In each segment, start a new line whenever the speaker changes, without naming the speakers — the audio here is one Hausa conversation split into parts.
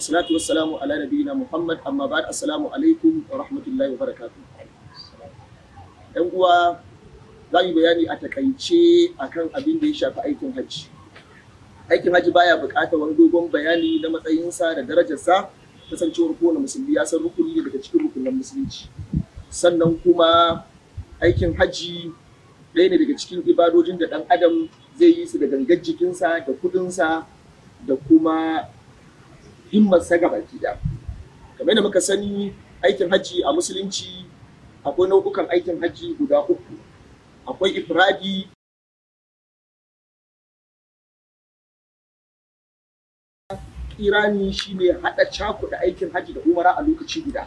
wasalatu wassalamu ala nabiyina Muhammad amma ba'd assalamu alaikum wa rahmatullahi wa barakatuh. Yan uwa za yi bayani a takaice akan abin da ya shafi aikin hajji. Aikin hajji baya buƙatar wani dogon bayani na matsayinsa da darajarsa kasancewar kowane musulmi ya san rukuni ne daga cikin rukunan musulunci. Sannan kuma aikin hajji ɗaya ne daga cikin ibadojin da ɗan adam zai yi su da gangar jikinsa da kuɗinsa da kuma himmar sa ki da kamar da muka sani aikin hajji a musulunci akwai nau'ukan aikin hajji guda uku akwai ifradi kirani shine hada cakuɗa aikin hajji da umara a lokaci guda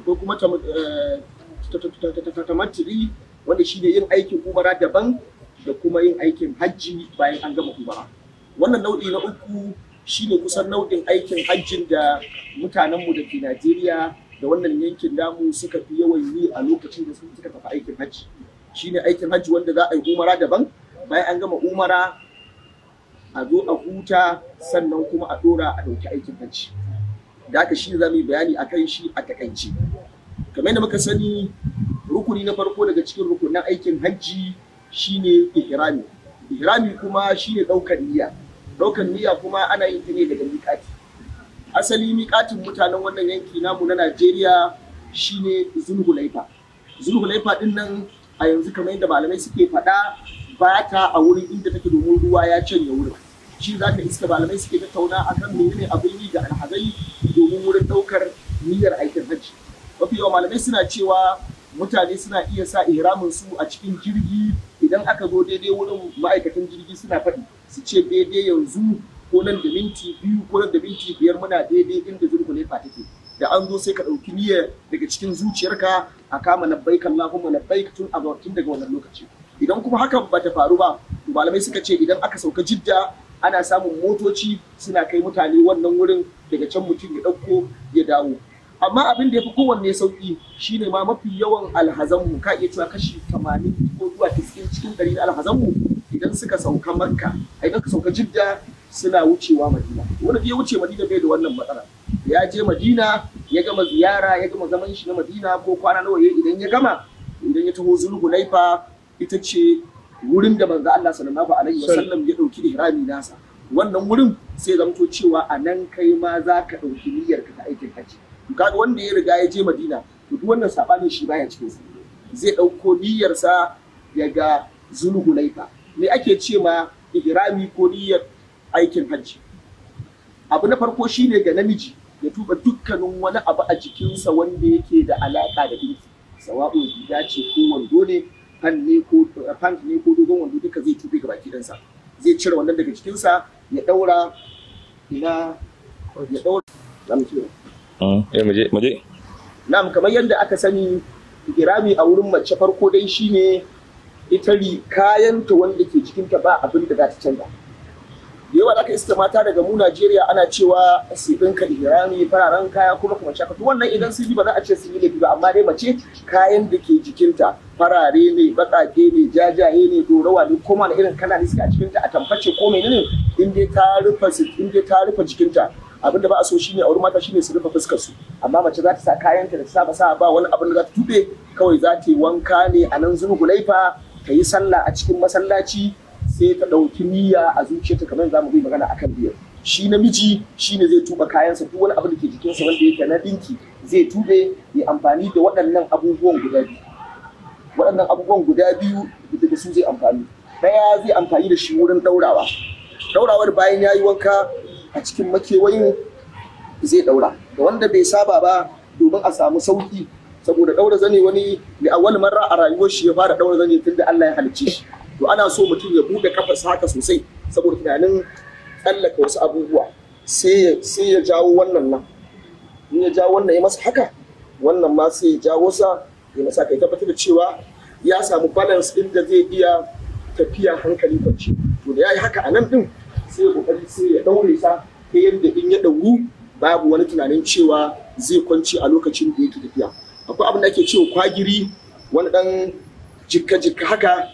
akwai kuma eh, tamatiri wanda shine yin aikin umara daban da kuma yin aikin hajji bayan an gama umara wannan nau'i na uku shine kusan nau'in aikin hajjin da mutanenmu da ke Najeriya da wannan yankin namu suka fi yawan yi a lokacin da suka tafi aikin hajji shine aikin hajji wanda za a yi umara daban bayan an gama umara a zo a huta sannan kuma a dora a ɗauki aikin hajji da aka shi za mu yi bayani a kan shi a takaice kamar da muka sani rukuni na farko daga cikin rukunin aikin hajji shine ihrami ihrami kuma shine ɗaukar niyya ɗaukan niyya kuma ana yin ta ne daga miƙati asali miƙatin mutanen wannan yanki namu na najeriya shine zulhulaifa zulhulaifa din nan a yanzu kamar yadda malamai suke faɗa ba ta a wurin inda take domin ruwa ya canya wurin shi za ka iska malamai suke tattauna a kan menene abin yi ga alhazai domin wurin ɗaukar niyyar aikin hajji mafi yawa malamai suna cewa mutane suna iya sa ihramin su a cikin jirgi idan aka zo daidai wurin ma'aikatan jirgi suna faɗi su ce daidai yanzu ko nan da minti biyu ko nan da minti biyar muna daidai inda zurkulefa take da an zo sai ka ɗauki niyya daga cikin zuciyarka a kama na labbaik na labbaik tun a tun daga wannan lokaci idan kuma hakan ba ta faru ba malamai suka ce idan aka sauka jidda ana samun motoci suna kai mutane wannan wurin daga can mutum ya ɗauko ya dawo amma abin da ya fi kowanne sauki shine ma mafi yawan alhazanmu ka iya cewa kashi 80 ko zuwa 90 cikin ɗari na alhazanmu idan suka sauka makka idan ka sauka jidda suna wucewa madina wanda ya wuce madina bai da wannan matsala ya je madina ya gama ziyara ya gama zaman shi na madina ko kwana nawa idan ya gama idan ya taho laifa, ita ce wurin da manzo Allah sallallahu alaihi wasallam ya dauki ihrami nasa wannan wurin sai zamto cewa anan kai ma za ka dauki niyyar ka ta aikin haji kaga wanda ya riga ya je madina to duk wannan sabanin shi baya cikin sa zai dauko niyyar sa daga zulhulaifa me ake ce ma ihrami ko niyyar aikin hajji abu na farko shine ga namiji ya tuba dukkanin wani abu a jikinsa wanda yake da alaka da dinki sawa'u gida ce ko wando ne fan ne ko ne ko dogon wando duka zai tube gaba kidansa zai cire wannan daga jikinsa ya daura ina ya daura Mm. eh muje muje na'am kamar yadda aka sani irami a wurin mace farko dai shine ita kayanta wanda ke ta ba abin da za ta canza da yawa aka iska mata daga mu Najeriya ana cewa su ka irami fararen kaya kuma kuma shaka to wannan idan sun yi ba za a ce sun yi laifi ba amma dai mace kayan da ke jikinta farare ne baƙaƙe ne jajaye ne dorawa ne kuma da irin kana ne suke a cikinta a tamface ko menene in ta rufe in dai ta rufe jikinta abinda ba a so shine auri mata shine su rufe fuskar su amma mace za ta sa kayanta da ta saba sa ba wani abin da za ta tube kawai za ta yi wanka ne a nan zuru gulaifa ta yi sallah a cikin masallaci sai ta ɗauki niyya a ta kamar za mu yi magana akan biyar shi namiji shi ne zai tuba kayansa duk wani abin da ke jikinsa wanda yake na dinki zai tube ya amfani da waɗannan abubuwan guda biyu waɗannan abubuwan guda biyu da su zai amfani ɗaya zai amfani da shi wurin ɗaurawa ɗaurawar bayan ya yi wanka a cikin makewayin zai daura da wanda bai saba ba domin a samu sauki saboda daura zane wani da awal marra a rayuwar shi ya fara daura zane tun da Allah ya halicce shi to ana so mutum ya bude kafarsa haka sosai saboda tunanin tsallaka wasu abubuwa sai ya jawo wannan nan in ya jawo wannan ya masa haka wannan ma sai ya jawo sa ya masa kai tabbatar da cewa ya samu balance din da zai iya tafiya hankali kwanci to da yayi haka a nan din sai ya sai ya daure sa ta yadda in ya dauru babu wani tunanin cewa zai kwanci a lokacin da yake tafiya akwai abin da ake cewa kwagiri wani dan jikka jikka haka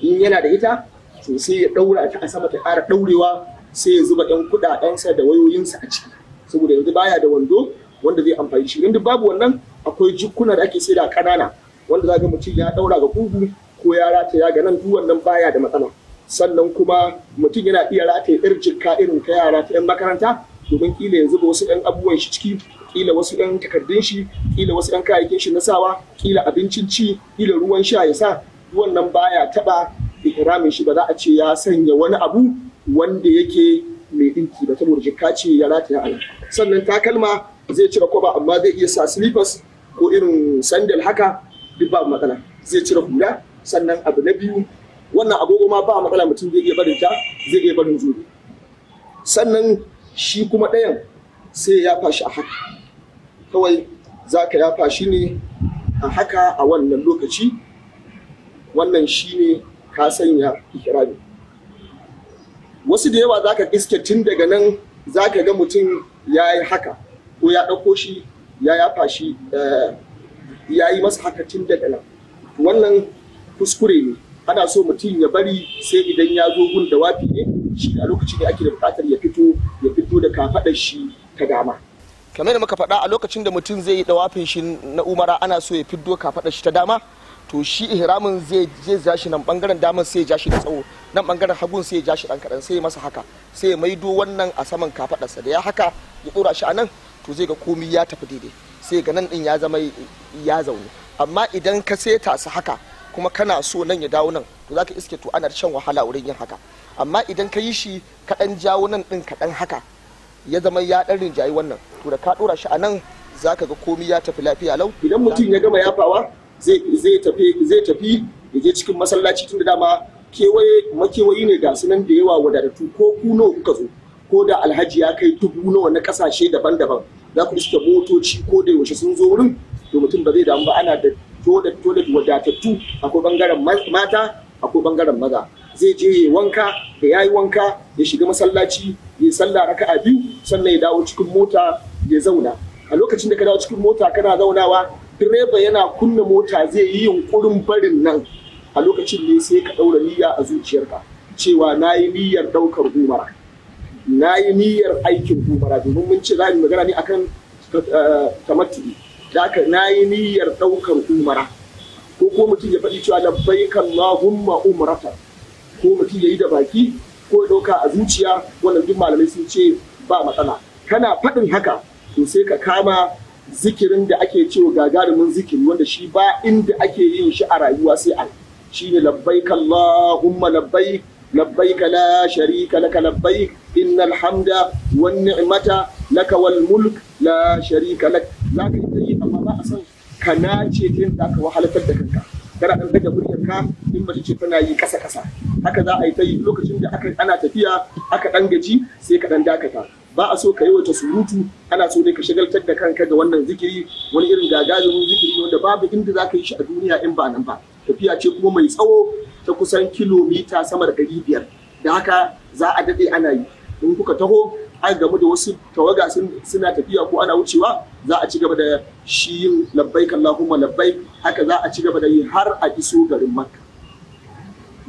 in yana da ita to sai ya daura ta a sama ta ƙara daurewa sai ya zuba ɗan kuɗaɗensa da wayoyinsa a ciki saboda yanzu baya da wando wanda zai amfani shi yanzu babu wannan akwai jikuna da ake da ƙanana wanda za ga mutum ya daura ga kugu ko ya rataya ga nan duk wannan baya da matsala sannan kuma mutum yana iya rataye irin jikka irin ta yara ta 'yan makaranta domin ƙila yanzu zuba wasu 'yan abubuwan shi ciki kila wasu 'yan takardun shi kila wasu 'yan kayayyakin shi na sawa kila abincin ci kila ruwan sha ya sa wannan baya taɓa ihramin shi ba za a ce ya sanya wani abu wanda yake mai ɗinki ba saboda jikka ce ya rataye ala sannan takalma zai cire kwaba amma zai iya sa slippers ko irin sandal haka duk ba matsala zai cire hula sannan abu na biyu wannan agogo ma ba matsala mutum zai iya barin ta zai iya barin zobe sannan shi kuma ɗayan sai ya fashi a haka kawai za ka yafa shi ne a haka a wannan lokaci wannan shi ne ka sanya ikirari wasu da yawa za ka iske tun daga nan za ka ga mutum ya yi haka ko ya ɗauko shi ya yafa shi eh, ya yi masa haka tun daga nan wannan kuskure ne ana so mutum ya bari sai idan ya zo gun da wafi ne shi a lokaci ne ake da bukatar ya fito ya fito da kafaɗar shi ta dama kamar da muka faɗa a lokacin da mutum zai yi dawafin shi na umara ana so ya fiddo kafaɗar shi ta dama to shi ihramin zai je ja shi nan bangaren damar sai ja shi da tsawo nan bangaren hagun sai ja shi dan kadan sai masa haka sai ya maido wannan a saman sa da ya haka ya dora shi a nan to zai ga komai ya tafi daidai sai ga nan din ya zama ya zaune amma idan ka seta su haka kuma kana so nan ya dawo nan to zaka iske to ana shan wahala wurin yin haka amma idan ka yi shi kaɗan jawo nan ɗin kaɗan haka ya zama ya dan rinjayi wannan to da ka ɗora shi a nan za ga komai ya tafi lafiya lau idan mutum ya gama yafawa zai tafi zai tafi ya je cikin masallaci tun da dama kewaye makewayi ne ga sunan da yawa wadatu ko ku nawa kuka zo ko da alhaji ya kai dubu nawa na kasashe daban-daban za ku iske motoci ko da yaushe sun zo wurin to mutum ba zai damu ba ana da Tole da wadatattu akwai bangaren mata akwai bangaren maza zai je ya wanka da ya yi wanka ya shiga masallaci ya sallah a biyu sannan ya dawo cikin mota ya zauna a lokacin da ka dawo cikin mota kana zaunawa direba yana kunna mota zai yi yunkurin barin nan a lokacin ne sai ka ɗaura niyya a zuciyarka cewa na yi niyyar ɗaukar umara na yi niyyar aikin umara domin mun ce za mu magana ne akan eh, tamattu'i da aka na yi niyyar ɗaukar umara ko ko mutum ya faɗi cewa labbaik Allahumma umrata ko mutum ya yi da baki ko ɗauka a zuciya wannan duk malamai sun ce ba matsala kana faɗin haka to sai ka kama zikirin da ake cewa gagarumin zikiri wanda shi ba inda ake yin shi a rayuwa sai a shine labbaik Allahumma labbaik labbaik la sharika laka labbaik innal hamda wan ni'mata laka wal mulk la sharika lak zaka ka ce din da ka wahalar da kanka kana dan daga muryar ka in mace ce tana yi kasa kasa haka za a yi ta yi lokacin da aka ana tafiya aka dan gaji sai ka dan dakata ba a so ka yi wata surutu ana so dai ka shagaltar da kanka da wannan zikiri wani irin gagarumin zikiri wanda babu inda za ka yi shi a duniya in ba nan ba tafiya ce kuma mai tsawo ta kusan kilomita sama da ɗari biyar da haka za a daɗe ana yi in kuka taho an gamu da wasu tawaga suna tafiya ko ana wucewa za a ci gaba da shi yin labbaik Allahumma labbaik haka za a ci gaba da yi har a iso garin Makka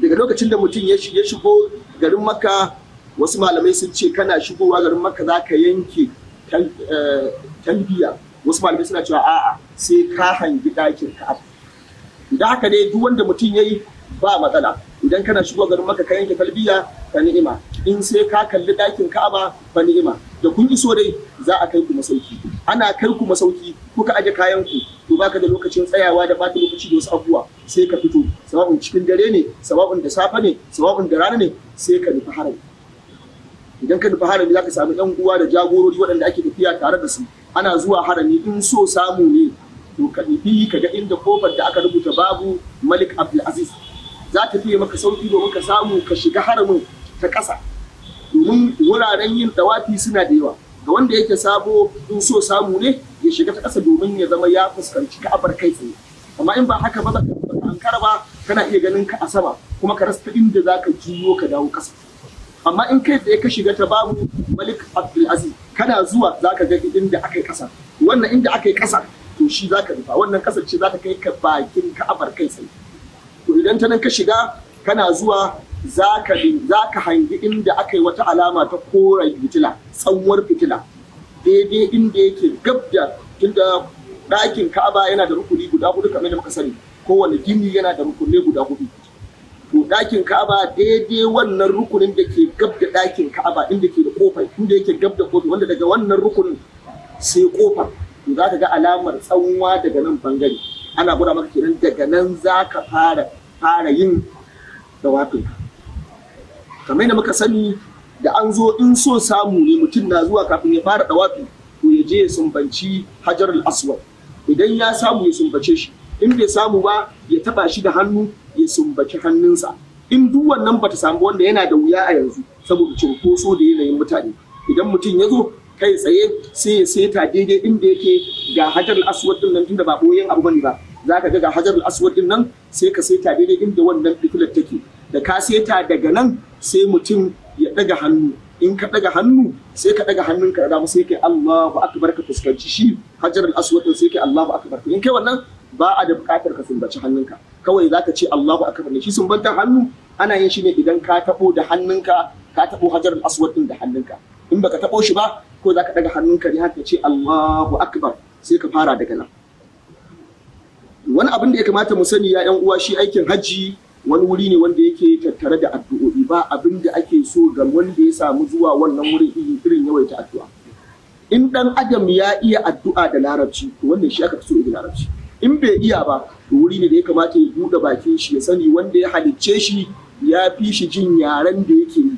daga lokacin da mutum ya shigo garin Makka wasu malamai sun ce kana shigowa garin Makka za ka yanke eh, talbiya wasu malamai suna cewa a'a sai ka hangi ɗakin ka idan haka ne duk wanda mutum yayi ba matsala idan kana shigowa garin Makka ka yanke talbiya ka ni'ima in sai ka kalli ɗakin Ka'aba ba ni'ima da kun iso dai za a kai ku masauki ana kai ku masauki kuka aje kayan ku to baka da lokacin tsayawa da bata lokaci da wasu abubuwa sai ka fito sawa'un cikin dare ne sawa'un da safe ne sawa'un da rana ne sai ka nufi haram. idan ka nufi harami za ka samu yan uwa da jagorori waɗanda ake tafiya tare da su ana zuwa harami in so samu ne to ka nufi ka ga inda kofar da aka rubuta babu malik abdulaziz za ta fiye maka sauki domin ka samu ka shiga haramin ta ƙasa domin wuraren yin dawafi suna da yawa ga wanda yake sabo in so samu ne ya shiga ta ƙasa domin ya zama ya fuskanci ka'abar kai tsaye amma in ba haka ba baka ankara ba kana iya ganin ka a sama kuma ka rasa inda za ka juyo ka dawo ƙasa amma in kai da ka shiga ta babu malik abdulaziz kana zuwa za ka ga inda aka yi ƙasa wannan inda aka yi ƙasa to shi za ka rufa wannan ƙasar ce za ta kai ka bakin ka'abar kai tsaye to idan ta nan ka shiga kana zuwa za ka hangi inda aka yi wata alama ta koren fitila tsawar fitila daidai inda yake gab da tunda ɗakin ka'aba yana da rukuni guda hudu kamar da muka sani kowane gini yana da rukunai guda hudu to ɗakin ka'aba daidai wannan rukunin da ke gab da ɗakin ka'aba inda ke da kofar inda yake gab da kofar wanda daga wannan rukunin sai kofar to za ka ga alamar tsanwa daga nan bangare ana gura maka kenan daga nan za ka fara fara yin da wato kamar da muka sani da an zo in so samu ne mutum na zuwa kafin ya fara dawafi to ya je ya sumbanci hajar aswad idan ya samu ya sumbace shi in bai samu ba ya taba shi da hannu ya sumbaci hannunsa in duk wannan bata samu wanda yana da wuya a yanzu saboda cinkoso da yanayin mutane idan mutum ya zo kai tsaye sai ya ta daidai inda yake ga hajar aswad din nan tunda ba boyen abu bane ba zaka ga ga hajar aswad din nan sai ka saita daidai inda wannan fitilar take da ka seta daga nan sai mutum ya daga hannu in ka daga hannu sai ka daga hannun ka dama sai kai Allahu akbar ka fuskanci shi hajar al-aswad sai kai Allahu akbar in kai wannan ba a da bukatar ka sumbaci hannunka kawai zaka ce Allahu akbar ne shi sumbantar hannu ana yin shi ne idan ka taɓo da hannunka ka tabo hajar al-aswad da hannunka in baka taɓo shi ba ko zaka hannun hannunka ne haka ce Allahu akbar sai ka fara daga nan wani abin da ya kamata mu sani ya 'yan uwa shi aikin hajji wani wuri ne wanda yake tattare da addu'o'i ba abin da ake so ga wanda ya samu zuwa wannan wurin irin yawaita addu'a in dan adam ya iya addu'a da larabci to wannan shi aka fi so da larabci in bai iya ba to wuri ne da ya kamata ya buɗe bakin shi ya sani wanda ya halicce shi ya fi shi jin yaren da yake yi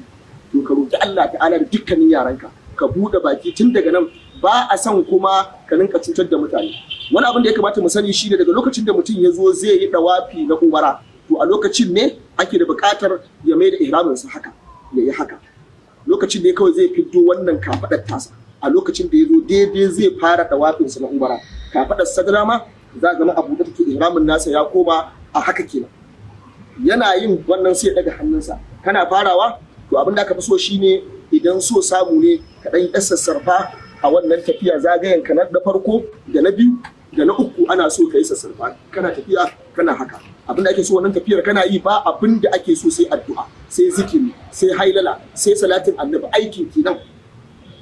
to ka roki Allah ta'ala da dukkanin yarenka ka buɗe baki tun daga nan ba a san kuma ka rinka cutar da mutane wani abin da ya kamata mu sani shi ne daga lokacin da mutum ya zo zai yi dawafi na umara to a lokacin ne ake da buƙatar ya mai da ihramin sa haka ya yi haka lokacin ne kawai zai fito wannan kafaɗar tasa a lokacin da ya zo daidai zai fara dawafin sa na umara kafaɗar sadara ma za ga na abu da take ihramin nasa ya koma a haka kenan yana yin wannan sai ya daga hannunsa kana farawa to abin da aka fi so shine idan so samu ne ka ɗan sassarfa a wannan tafiya zagayen ka na farko da na biyu da na uku ana so ka yi sassarfa kana tafiya kana haka abin da ake so wannan tafiyar kana yi ba abin da ake so sai addu'a sai zikiri sai hailala sai salatin annabi aikin kenan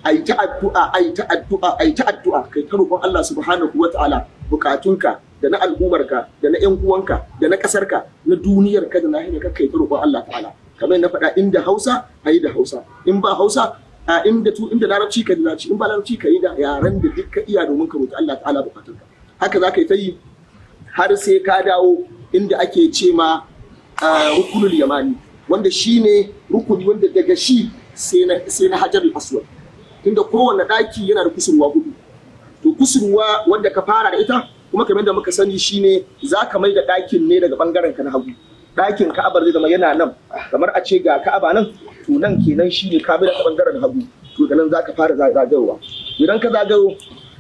ai ta addu'a ai ta addu'a ai ta addu'a kai ta roƙon Allah subhanahu wa ta'ala bukatunka da na al'ummarka da na ƴan uwanka da na ƙasarka na duniyarka da nahiyarka kai ta roƙon Allah ta'ala kamar na faɗa inda Hausa ayi da Hausa in ba Hausa a inda tu inda larabci ka dinaci in ba larabci ka yi da yaran da duk ka iya domin ka roƙi Allah ta'ala bukatunka haka za ka yi ta yi har sai ka dawo inda ake ce ma eh, rukunul yamani wanda shi ne rukuni wanda daga shi sai na hajar aswad tunda kowane ɗaki yana da kusurwa hudu to kusurwa wanda ka fara da ita kuma kamar da muka sani shine za ka mai da ɗakin ne daga ɓangaren ka na hagu ɗakin ka'abar zai zama yana nan kamar a ce ga ka'aba nan to nan kenan shine ka mai da ɓangaren hagu to da nan za ka fara zagayowa idan ka zagayo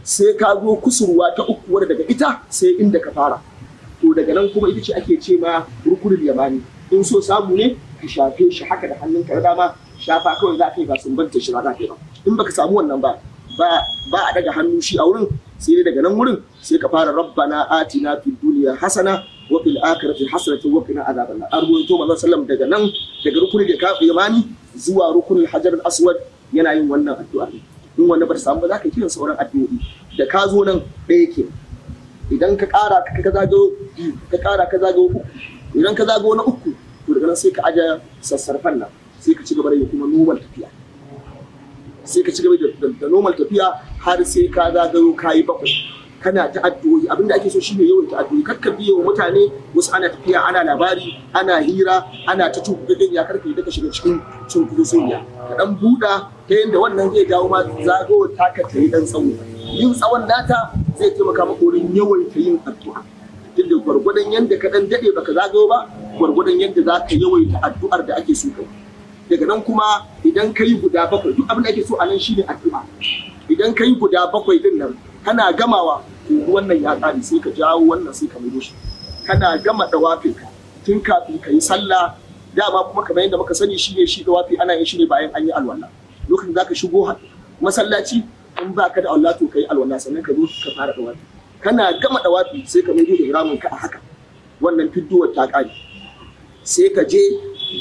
sai ka zo kusurwa ta uku wadda daga ita sai inda ka fara daga nan kuma ita ce ake ce ma rukunin yamani in so samu ne ka shafe shi haka da hannun ka dama shafa kawai za ka yi ba sun banta shi ba za ka yi ba in baka samu wannan ba ba a daga hannu shi a wurin sai dai daga nan wurin sai ka fara rabbana atina fid duniya hasana wa fil akhirati hasanatan wa qina adhaban nar arwayo manzo sallam daga nan daga rukunin da kafi yamani zuwa rukunin hajar aswad yana yin wannan addu'a in wanda ba ta samu ba za ka kiran sauran addu'o'i da ka zo nan ɗaya kenan idan ka ƙara ka zago ka ƙara ka zago uku idan ka zago na uku to daga nan sai ka aje sassarfan nan sai ka ci gaba da kuma normal tafiya sai ka ci gaba da normal tafiya har sai ka zagayo ka yi bakwai kana ta'addu'o'i abinda ake so shine yawan ta'addu'o'i kakka biye wa mutane wasu ana tafiya ana labari ana hira ana ta tukuɗin ya karka da daga shiga cikin cunkudu soya ka dan buɗa ta yadda wannan zai dawo ma zagawar taka ta yi dan tsawo yin tsawon nata zai taimaka maka wurin yawaita yin addu'a tunda gwargwadon yadda ka dan dade baka zagayo ba gwargwadon yadda za ka yawaita addu'ar da ake so ka daga nan kuma idan ka yi guda bakwai duk abin da ake so a nan shine addu'a idan ka yi guda bakwai din nan kana gamawa wannan ya kare sai ka jawo wannan sai ka maido shi kana gama dawafin ka tun kafin ka yi sallah dama kuma kamar yadda muka sani shine shi dawafi ana yin shi ne bayan an yi alwala lokacin zaka shigo masallaci in ba ka da Allah to kai alwala sannan ka zo ka fara wani kana gama wafi sai ka da ramin ka a haka wannan fidduwar ta kare sai ka je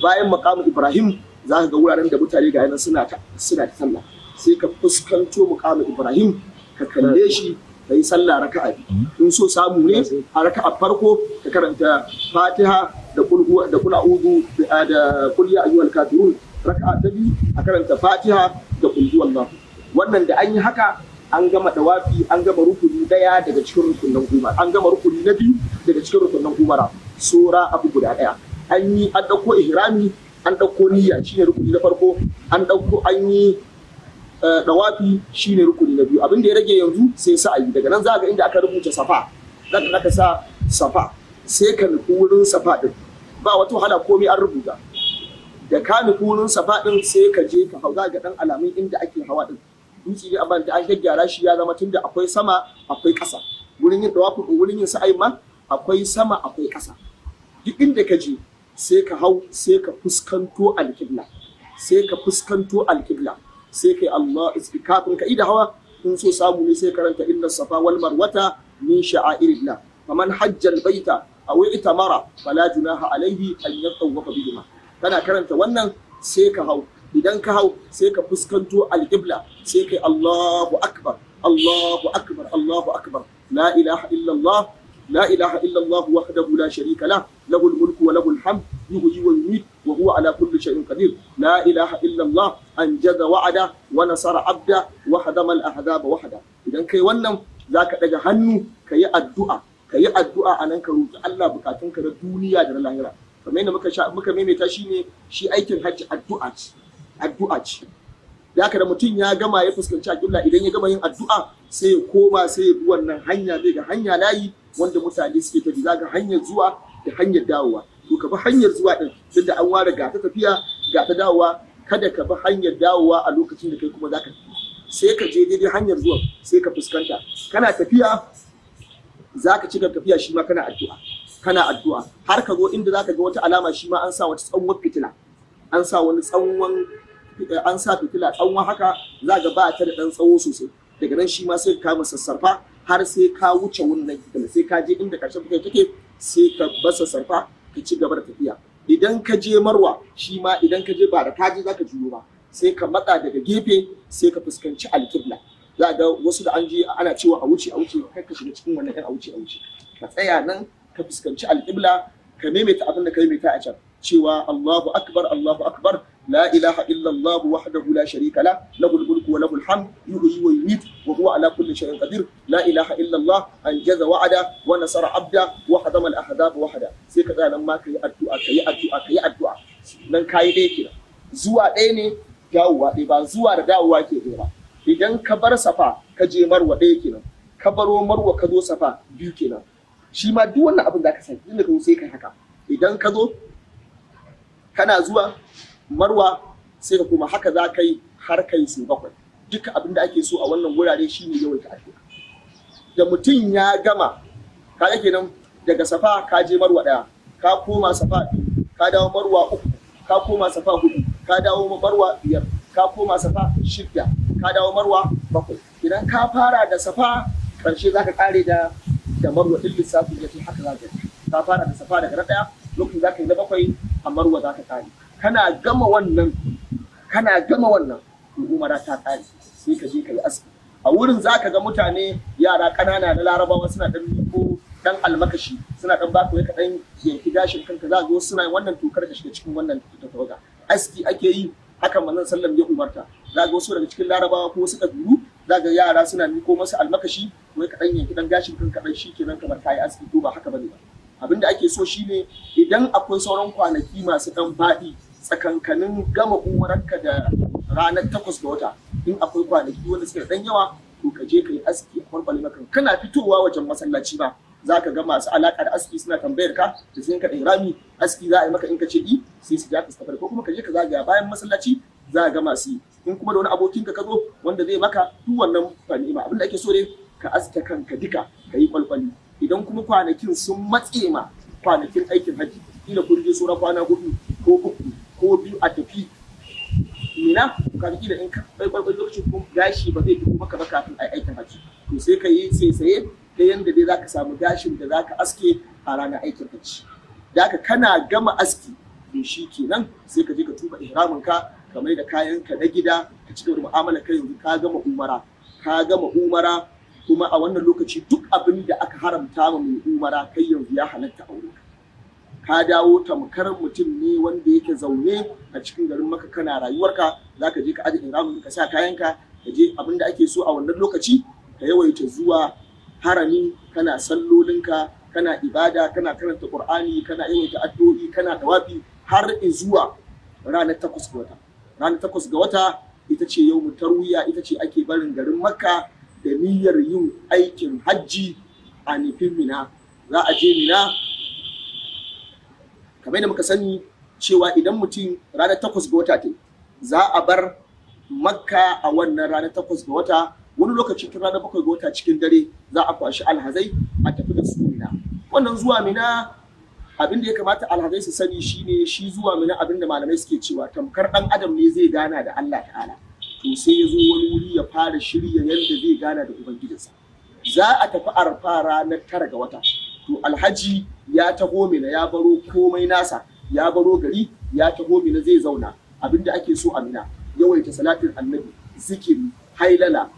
bayan makamu Ibrahim za ka ga wuraren da mutane ga yanan suna ta suna ta sallah sai ka fuskanto makamu Ibrahim ka kalle shi ka yi sallah raka'a in so samu ne a raka'a farko ka karanta Fatiha da kul da kul a'udhu da kul ya ayyuhal kafirun raka'a ta biyu a karanta Fatiha da kul huwallahu wannan da an yi haka an gama wafi an gama rukuni daya daga cikin rukunin umara an gama rukuni na biyu daga cikin rukunin umara sora abu guda daya an yi an dauko ihrami an dauko niyya shine rukuni na farko an dauko an yi eh, dawafi shine rukuni na biyu abin da ya rage yanzu sai ayi daga nan za ga inda aka rubuta safa zaka naka sa safa sai ka nufi wurin safa din ba wata wahala komai an rubuta da ka nufi wurin safa din sai ka je ka hau za ga dan alamun inda ake hawa din dutse ne amma da an gyaggyara shi ya zama tunda akwai sama akwai ƙasa wurin yin dawafin wurin yin sa'ayi ma akwai sama akwai ƙasa duk inda ka je sai ka hau sai ka fuskanto alƙibla sai ka fuskanto alƙibla sai kai Allah kafin ka ida hawa in so samu ne sai karanta inna safa wal marwata min sha'airillah faman hajjal baita aw itamara fala junaha alayhi an yatawwafa bihima kana karanta wannan sai ka hau idan ka hau sai ka fuskanto alƙibla sai kai Allahu akbar Allahu akbar Allahu akbar la ilaha illallah la ilaha illallah wahdahu la sharika la lahul mulku wa lahul hamd yuhyi wa yumiit wa huwa ala kulli shay'in qadir la ilaha illallah anjaza wa'ada wa nasara abda wa hadama al ahzaba wahda idan kai wannan zaka daga hannu kayi addu'a kayi addu'a anan ka roki Allah bukatunka na duniya da na lahira kamar yadda muka muka maimaita shine shi aikin hajji addu'a ce addu'a ce da kada da mutum ya gama ya fuskanci alƙibla idan ya gama yin addu'a sai ya koma sai ya bi wannan hanya zai ga hanya layi wanda mutane suke tafi za ga hanyar zuwa da hanyar dawowa to ka bi hanyar zuwa din tunda an ware ga ta tafiya ga ta dawowa kada ka bi hanyar dawowa a lokacin da kai kuma za ka tafi sai ka je daidai hanyar zuwa sai ka fuskanta kana tafiya za ka ci tafiya shi ma kana addu'a kana addu'a har ka zo inda za ka ga wata alama shi ma an sa wata tsawon fitila an sa wani tsawon Eh, an sa fitila wa haka za ga ba ta da ɗan tsawo sosai daga nan shi ma sai ka kama sassarfa har sai ka wuce wannan fitila sai ka je inda ƙarshen fitila take sai ka bar sassarfa ka ci gaba da tafiya idan ka je marwa shi ma idan ka je ba da kaji za ka juyo ba sai ka matsa daga gefe sai ka fuskanci alkibla za ga wasu da an je ana cewa a wuce a wuce kai ka shiga cikin wannan ɗan a wuce a wuce ka tsaya nan ka fuskanci alkibla ka maimaita abin da ka yi maimaita a can cewa Allahu akbar Allahu akbar la ilaha illa Allah wahdahu la sharika la lahul mulku wa lahul hamd yuhyi wa yumiit wa huwa ala kulli shay'in qadir la ilaha illa Allah anjaza wa'ada wa nasara abda wa hadama al ahzab wahda sai ka tsaya nan ma kai addu'a kai addu'a kai addu'a nan kai dai kira zuwa ɗaya ne dawowa ɗaya ba zuwa da dawowa ke ɗaya ba idan ka bar safa ka je marwa ɗaya kenan ka baro marwa ka zo safa biyu kenan shi ma duk wannan abin da ka sani inda ka sai kai haka idan ka zo kana zuwa marwa sai ka koma haka za ka yi har kai su bakwai duka abin da ake so a wannan wurare shine yawaita addu'a da mutum ya gama ka yake nan daga safa ka je marwa daya ka koma safa biyu ka dawo marwa uku ka koma safa hudu ka dawo marwa biyar ka koma safa shida ka dawo marwa bakwai idan ka fara da safa karshe zaka kare da da marwa din lissafin yace haka zaka ka fara da safa daga na daya lokacin zaka yi na bakwai a marwa za ka tsari kana gama wannan kana gama wannan umara ta tsari sai ka je ka yi aski a wurin za ka ga mutane yara ƙanana na larabawa suna dan miko dan almakashi suna dan baka wai kaɗan yanki gashin kanka za ga suna wannan tokar ka shiga cikin wannan tawaga aski ake yi haka manzon sallam ya umarta za ga wasu daga cikin larabawa ko wasu ƙabilu za ga yara suna miko masa almakashi wai kaɗan yanki dan gashin kanka dan shi kenan kamar ka yi aski to ba haka bane ba abinda ake so shine idan akwai sauran kwanaki masu ɗan faɗi tsakankanin gama umararka da ranar takwas ga wata in akwai kwanaki wanda suka dan yawa to ka je ka aski a kwalkwale maka kana fitowa wajen masallaci ba za ka ga masu alaƙa da aski suna tambayar ka da sai ka ɗan rami aski za a yi maka in ka ce i sai su ja ka safar ko kuma ka je ka zagaya bayan masallaci za a ga masu in kuma da wani abokin ka zo wanda zai maka duk wannan ba abin da ake so dai ka aske kanka duka ka yi kwalkwali idan kuma kwanakin sun matse ma kwanakin aikin hajji. kila kun je sura kwana hudu ko uku ko biyu a tafi mina kan kila in ka ɓarɓarɓar lokacin kun gashi ba zai tafi maka ba kafin a aikin haji to sai ka yi tsaye ta yanda dai zaka samu gashin da zaka aske a ranar aikin haji da ka kana gama aski to shi kenan sai ka je ka tuba ihramin ka kamar da kayan ka na gida ka gaba da mu'amala kai yanzu ka gama umara ka gama umara kuma a wannan lokaci duk abin da aka haramta ma mai umara kai yanzu ya halatta aure ka dawo tamkar mutum ne wanda yake zaune a cikin garin maka kana rayuwarka zaka je ka aje ihramin ka sa kayanka ka je abin da ake so a wannan lokaci ka yawaita zuwa harami kana sallolinka kana ibada kana karanta qur'ani kana yawaita addu'o'i kana dawafi har zuwa ranar takwas ga wata ranar takwas ga wata ita ce yau mutarwiya ita ce ake barin garin makka da niyyar yin aikin hajji a nufin mina za a je mina kamar da muka sani cewa idan mutum ranar takwas ga wata ta za a bar makka a wannan ranar takwas ga wata wani lokaci tun ranar bakwai ga wata cikin dare za a kwashi alhazai a tafi da su mina wannan zuwa mina abin da ya kamata alhazai su sani shine shi zuwa mina abin da malamai suke cewa tamkar dan adam ne zai gana da Allah ta'ala to sai ya zo wani wuri ya fara shirya yadda zai gana da ubangijinsa za a tafi arfa ranar tara ga wata to alhaji ya taho mina ya baro komai nasa ya baro gari ya taho mina zai zauna abinda ake so a mina yawaita salatin annabi zikiri hailala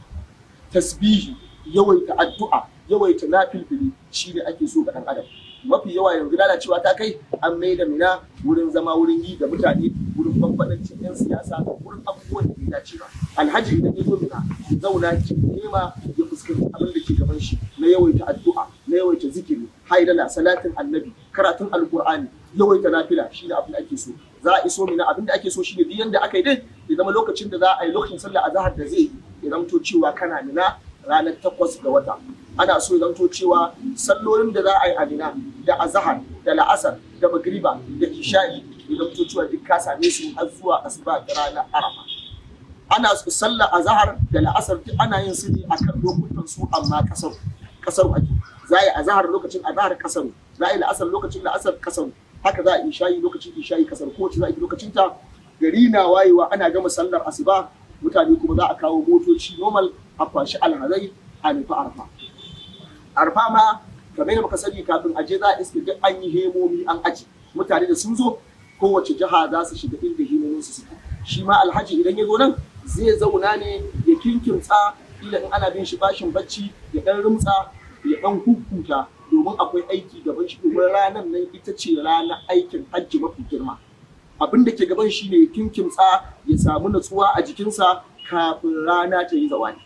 tasbihi yawaita addu'a yawaita bili shine ake so ga ɗan adam mafi yawa yanzu lalacewa ta kai an mai da mina wurin zama wurin yi da mutane wurin bambancin yan siyasa wurin abubuwan da ya ce alhaji idan ya zo mina zauna ki nema ya fuskanci abin da ke gaban shi na yawaita addu'a na yawaita zikiri haidala salatin annabi karatun alkur'ani yawaita nafila shi ne abin da ake so za a iso mina abin da ake so shi ne duk yanda aka yi din ya zama lokacin da za a yi lokacin sallah azahar da zai yi ya zamto cewa kana mina ranar takwas ga wata ana so zanto cewa sallolin da za a yi amina da azahar da la'asar da magriba da isha'i zanto cewa duk ka same su har zuwa asuba da ranar arafa ana so sallar azahar da la'asar duk ana yin su ne akan lokutan su amma kasar kasar ake za a yi azahar lokacin azahar kasar za a yi la'asar lokacin la'asar kasar haka za a isha'i lokacin isha'i kasar kowace za a yi lokacin ta gari na wayewa ana gama sallar asuba mutane kuma za a kawo motoci normal a kwashi alhazai a nufi arfa arfa ma kamar da muka sani kafin aje za a iske duk an yi hemomi an aji mutane da sun zo kowace jiha za su shiga inda hemomin su suke shi ma alhaji idan ya zo nan zai zauna ne ya kinkimtsa ila in ana bin shi bashin bacci ya dan rumtsa ya dan hukunta domin akwai aiki gaban shi domin ranar nan ita ce ranar aikin hajji mafi girma abin da ke gaban shi ne kinkimtsa ya samu natsuwa a jikinsa kafin rana ta yi zawani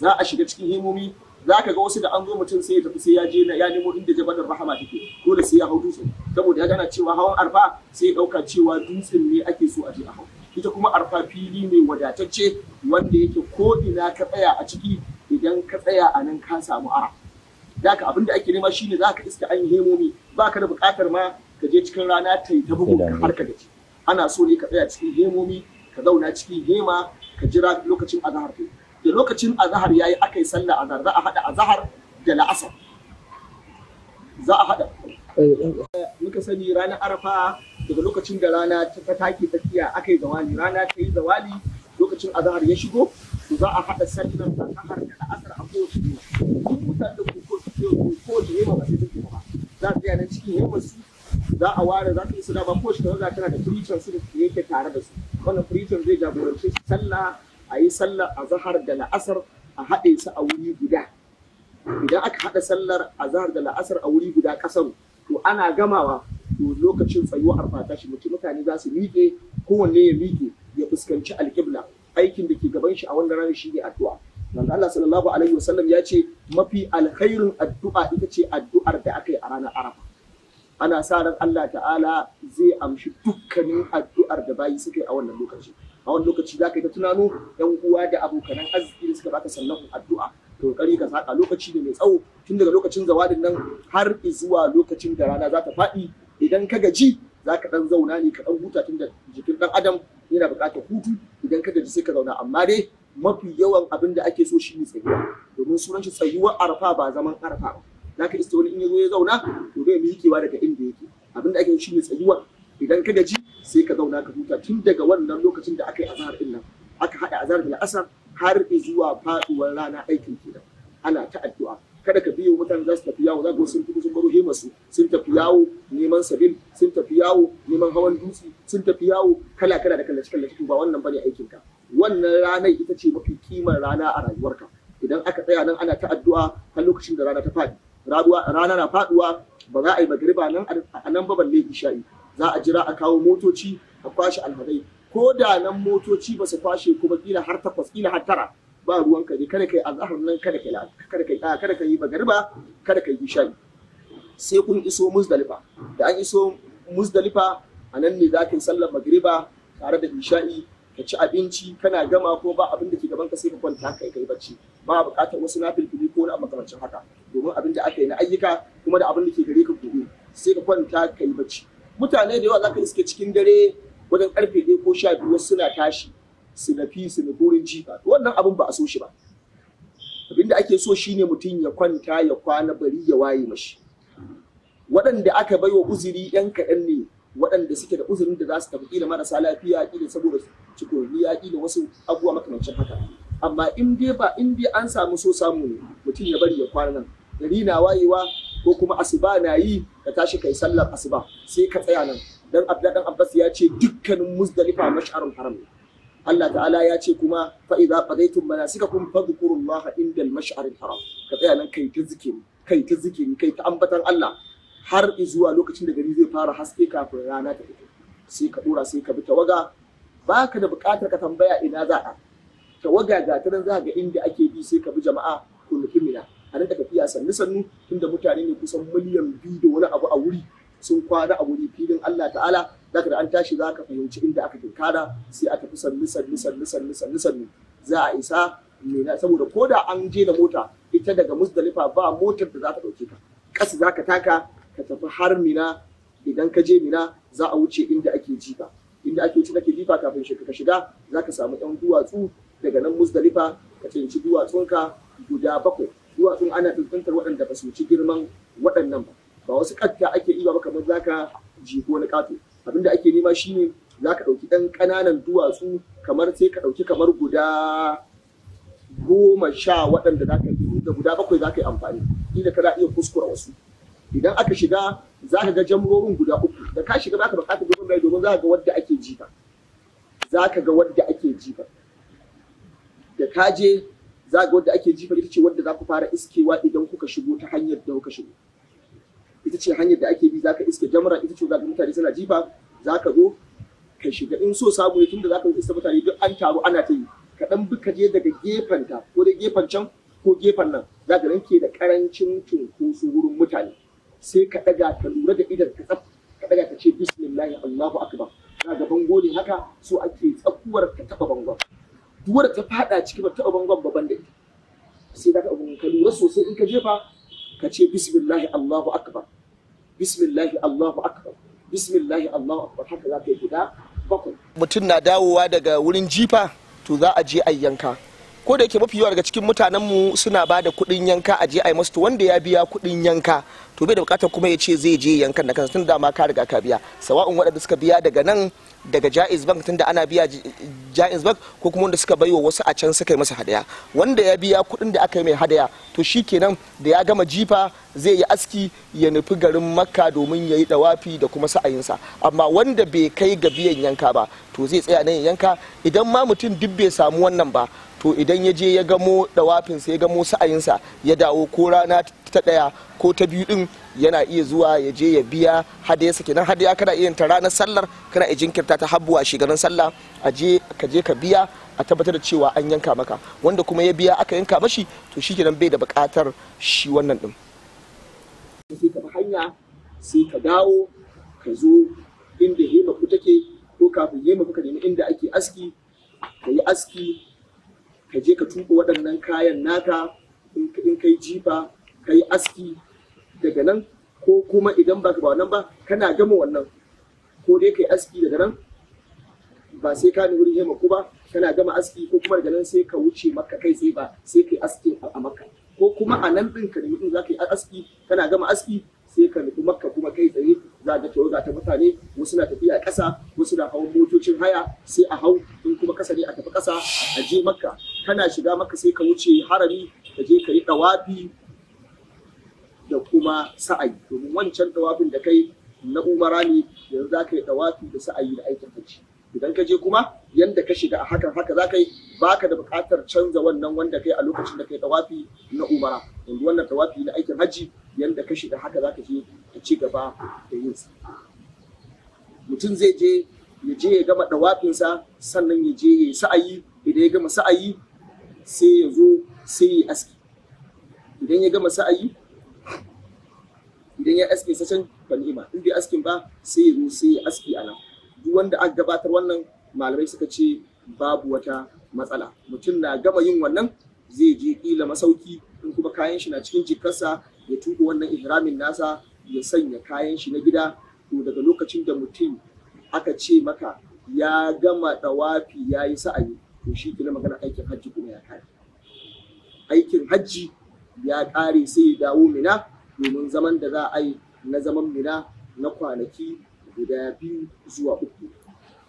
za a shiga cikin himomi za ka ga wasu da an zo mutum sai ya tafi sai ya je na ya nemo inda jabalin rahama take dole sai ya hau dutsen saboda ya gana cewa hawan arfa sai ya dauka cewa dutsen ne ake so a je a hau ita kuma arfa fili ne wadatacce wanda yake ko ina ka tsaya a ciki idan ka tsaya a nan ka samu ara da ka abinda da ake nema shine za ka iska an hemomi ba ka da bukatar ma ka je cikin rana ta yi ta bugu ka harka ka gaji ana so ne ka tsaya cikin hemomi ka zauna cikin hema ka jira lokacin azahar kai da lokacin azahar yayi aka yi sallah azhar za a hada azahar da la'asar za a hada muka sani ranar arafa daga lokacin da rana ta take tafiya aka yi zawali rana ta yi zawali lokacin azahar ya shigo to za a hada sallar azahar da la'asar a kowace ne duk mutanen da ko ko ne ba sai take ba za su yana cikin yawan su za a ware za su yi su da ba kowace tana da preacher su da yake tare da su wannan preacher zai jagorance sallah a yi sallar azahar da la'asar a haɗe su a wuri guda idan aka haɗa sallar azahar da la'asar a wuri guda ƙasar to ana gamawa to lokacin tsayuwar fata shi mutum mutane za su miƙe kowanne ya miƙe ya fuskanci alƙibla aikin da ke gaban shi a wannan ranar shi ne addu'a manzo Allah sallallahu alaihi wasallam ya ce mafi alkhairin addu'a ita ce addu'ar da aka yi a ranar Arafa ana sa ran Allah ta'ala zai amshi dukkanin addu'ar da bayi suka yi a wannan lokacin. a wani lokaci za ka yi ta tunano yan uwa da abokan arziki da suka baka sannan addu'a to kari ka saka lokaci ne mai tsawo tun daga lokacin zawadin nan har zuwa lokacin da rana za ta faɗi idan ka gaji za ka ɗan zauna ne ka ɗan huta tun da jikin ɗan adam yana buƙatar hutu idan ka gaji sai ka zauna amma dai mafi yawan abin da ake so shi ne tsayuwa domin sunan shi tsayuwar arfa ba zaman arfa ba za ka isa wani in ya zo ya zauna to bai miƙewa daga inda yake abin da ake so shi ne tsayuwa idan ka gaji sai ka zauna ka huta tun daga wannan lokacin da aka yi azahar din nan aka haɗa azahar da asar har zuwa faɗuwar rana aikin kenan ana ta addu'a kada ka biyo mutane za su tafi yawo za ga sun tafi sun baro himarsu sun tafi yawo neman sabil sun tafi yawo neman hawan dutse sun tafi yawo kala kala da kallaci-kallaci. ba wannan bane aikin ka wannan ranar ita ce mafi kimar rana a rayuwarka idan aka tsaya nan ana ta addu'a har lokacin da rana ta faɗi rana na faɗuwa ba za a yi magriba nan a nan ba balle isha'i za a jira a kawo motoci a kwashe alhadai. ko da nan motoci ba su kwashe kuma kila har takwas kila har tara ba ruwan ka kada kai azhar nan kada kai kada kai kada kai garba, kada kai isha'i sai kun iso muzdalifa da an iso muzdalifa a nan ne za ka yi sallar magariba tare da isha'i ka ci abinci kana gama ko ba abin da ke gaban ka sai ka kwanta kai kai bacci ba buƙatar wasu nafilfili ko na makamancin haka domin abin da aka yi na ayyuka kuma da abin da ke gare ka gobe sai ka kwanta kai bacci mutane da yawa za ka iske cikin dare wajen karfe ɗaya ko sha biyu suna tashi su nafi su nufi wurin jifa wannan abin ba a so shi ba abinda ake so shine mutum ya kwanta ya kwana bari ya waye mashi waɗanda aka bai wa uzuri yan kaɗan ne waɗanda suke da uzurin da za su tafi ƙila marasa lafiya ƙila saboda cikoniya ƙila wasu abubuwa makamancin haka amma in dai ba in dai an samu so samu mutum ya bari ya kwana nan gari na wayewa ko kuma asuba na yi ka tashi kai sallar asuba sai ka tsaya nan dan Abdullahi dan Abbas ya ce dukkanin Muzdalifa mash'arul haram Allah ta'ala ya ce kuma fa idza qadaytum manasikakum fadhkurullaha inda al-mash'aril haram ka tsaya nan kai ta zikiri kai ta zikiri kai ta ambatan Allah har zuwa lokacin da gari zai fara haske kafin rana ta fito sai ka dora sai ka bi tawaga baka da buƙatar ka tambaya ina za a tawaga ga nan za ga inda ake bi sai ka bi jama'a ku nufi mina a rinka tafiya sannu sannu tunda mutane ne kusan miliyan biyu da wani abu a wuri sun kwana a wuri filin Allah ta'ala ka da an tashi za ka fahimci inda aka kinkara sai a tafi sannu sannu sannu sannu sannu sannu za a isa mena saboda ko da an je da mota ita daga musdalifa ba motar da za ta ɗauke ka ƙasa za ka taka ka tafi har mina idan ka je mina za a wuce inda ake jifa inda ake wuce ake jifa kafin ka shiga za ka samu ɗan duwatsu daga nan musdalifa ka cinci duwatsunka guda bakwai duwatsun ana tsuntsuntar waɗanda ba su ci girman waɗannan ba ba wasu ƙatta ake iya ba kamar zaka jiko na ƙato abinda ake nema shine za ka ɗauki ɗan ƙananan duwatsu kamar sai ka ɗauki kamar guda goma sha waɗanda za ka yi da guda bakwai za ka yi amfani ka kana iya kuskura wasu idan aka shiga za ka ga jamrorin guda uku da ka shiga za ka buƙata domin rai domin za ka ga wadda ake jifa za ka ga wadda ake jifa da ka je za ga wanda ake jifa ita ce wanda za ku fara iskewa idan kuka shigo ta hanyar da kuka shigo ita ce hanyar da ake bi za ka iske jamra ita ce za mutane suna jifa za ka zo ka shiga in so samu ne tunda za ka iske mutane duk an taru ana ta yi ka dan bi ka je daga gefen ta ko dai gefen can ko gefen nan za ka ranke da karancin cunkoso wurin mutane sai ka daga ka lura da idan ka tsaf ka daga ka ce bismillah Allahu akbar duwar ta fada ciki ba ta bangon ba da ita sai da ka abu ka lura sosai in ka jefa ka ce bismillahi allahu akbar bismillahi allahu akbar bismillahi allahu akbar haka za ka yi guda bakwai mutum na dawowa daga wurin jifa to za a je a yanka ko da yake mafi yawa daga cikin mutanen mu suna ba da kuɗin yanka a je a yi masu to wanda ya biya kuɗin yanka to bai da bukatar kuma ya ce zai je yankan da kansa tun da ma ka riga ka biya sawa'un waɗanda suka biya daga nan daga jaiz bank tunda ana biya jaiz bank ko kuma wanda suka baiwa wasu a can suka yi masa hadaya wanda ya biya kuɗin da aka yi mai hadaya to shi kenan da ya gama jifa zai yi aski ya nufi garin makka domin ya yi dawafi da kuma sa'ayinsa amma wanda bai kai ga biyan yanka ba to zai tsaya nan yanka idan ma mutum duk bai samu wannan ba to idan ya je ya gamo dawafinsa ya gamo sa'ayinsa ya dawo ko rana ta ɗaya ko ta biyu din yana iya zuwa ya je ya biya hada ya sake nan hadaya kana iya ta ranar sallar kana iya jinkirta ta habuwa shigarin sallah a je ka je ka biya a tabbatar da cewa an yanka maka wanda kuma ya biya aka yanka mashi to shi kenan bai da bukatar shi wannan din sai ka hanya sai ka dawo ka zo inda hema ku take ko kafin hema ka nemi inda ake aski ka yi aski ka je ka tuba waɗannan kayan naka in kai jifa ka yi aski daga nan ko kuma idan ba ka ba wannan ba kana gama wannan ko dai kai aski daga nan ba sai ka wurin yamma ko ba kana gama aski ko kuma daga nan sai ka wuce maka kai sai ba sai kai aski a maka ko kuma a nan din ka nemi za ka yi aski kana gama aski sai ka nufi makka kuma kai tsaye za ga tawaga ta mutane wasu na tafiya ƙasa wasu na hawan motocin haya sai a hau in kuma ƙasa ne a tafi ƙasa a je makka kana shiga makka sai ka wuce harami ka je ka yi ɗawafi da kuma sa'ayi domin wancan tawafin da kai na umara ne yanzu za ka yi tawafi da sa'ayi da aikin hajji idan ka je kuma yanda ka shiga a hakan haka za ka yi baka da buƙatar canza wannan wanda kai a lokacin da kai tawafi na umara yanzu wannan tawafi na aikin hajji yanda ka shiga haka za ka je ka ci gaba da yin sa mutum zai je ya je ya gama sa sannan ya je ya yi sa'ayi idan ya gama sa'ayi sai ya zo sai ya aski idan ya gama sa'ayi idan ya aski sacan ba in bai askin ba sai ya zo sai ya aski a duk wanda aka gabatar wannan malamai suka ce babu wata matsala mutum na gama yin wannan zai je kila masauki in kuma kayan shi na cikin jikarsa ya tuka wannan ihramin nasa ya sanya kayan shi na gida to daga lokacin da mutum aka ce maka ya gama tawafi ya yi sa'ayi to shi kila magana aikin hajji kuma ya kare aikin hajji ya kare sai ya dawo mina domin zaman da za a yi na zaman mina na kwanaki guda biyu zuwa uku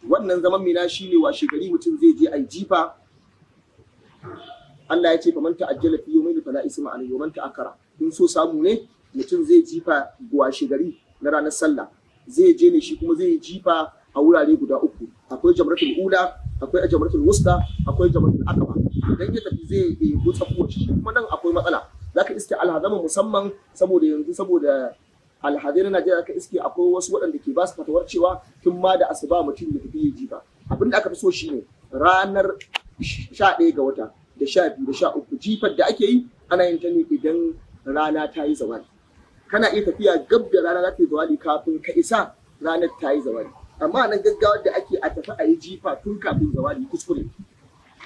wannan zaman mina shi washe gari mutum zai je a yi jifa Allah ya ce faman ta'ajjala fi yawmin fala isma an yawman akara in so samu ne mutum zai jifa washe gari na ranar sallah zai je ne shi kuma zai jifa a wurare guda uku akwai jamratul ula akwai jamratul wusta akwai jamratul akaba idan ya tafi zai yi eh, gutsa shi kuma nan akwai matsala zaka iske alhazama musamman saboda yanzu saboda alhazai na Najeriya ka iske akwai wasu waɗanda ke ba su fatawar cewa tun ma da asuba mutum ya tafi ya ba abin da aka fi so shine ranar 11 ga wata da 12 da 13 jifar da ake yi ana yin ta ne idan rana ta yi zawali kana iya tafiya gab da rana za ta yi zawali kafin ka isa ranar ta yi zawali amma nan gaggawa da ake a tafi a yi jifa tun kafin zawali kuskure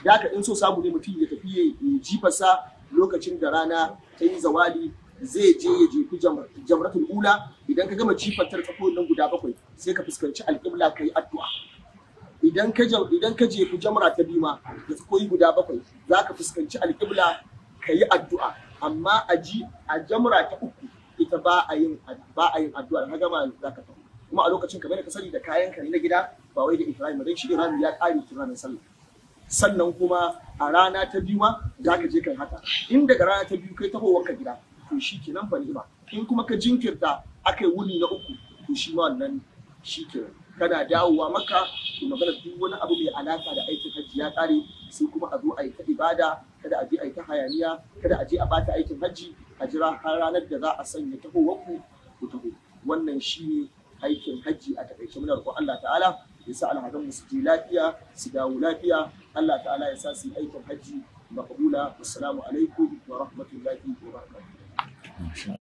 da haka in so samu ne mutum ya tafi ya sa lokacin da rana ta yi zawali zai je ya jefi jamratul ula idan ka gama jifantar kafofin nan guda bakwai sai ka fuskanci alƙibla ka yi addu'a idan ka idan ka jefi jamra ta bima da tsakoyi guda bakwai za ka fuskanci alƙibla ka yi addu'a amma a ji a jamra ta uku ita ba a yin ba a yin addu'a na gama za ka tafi kuma a lokacin kamar da ka sani da kayan ka na gida ba wai da Ibrahim dan shi ramin ya ƙare ranar sallah sannan kuma a rana ta biyu ma za ka je kai haka in daga rana ta biyu kai tahowar ka gida to shi kenan ba in kuma ka jinkirta aka yi wuni na uku to shi ma wannan shi ke kana dawowa maka to magana duk wani abu mai alaka da aikin hajji ya kare sai kuma a zo a yi ta ibada kada a je a yi ta hayaniya kada a je a bata aikin hajji a jira har ranar da za a sanya tahowar ku ku taho wannan shi ne aikin hajji a takaice muna roƙon Allah ta'ala ya sa mu su ji lafiya su dawo lafiya Allah ta'ala ya sa su aikin hajji makabula assalamu alaikum wa rahmatullahi wa barakatuh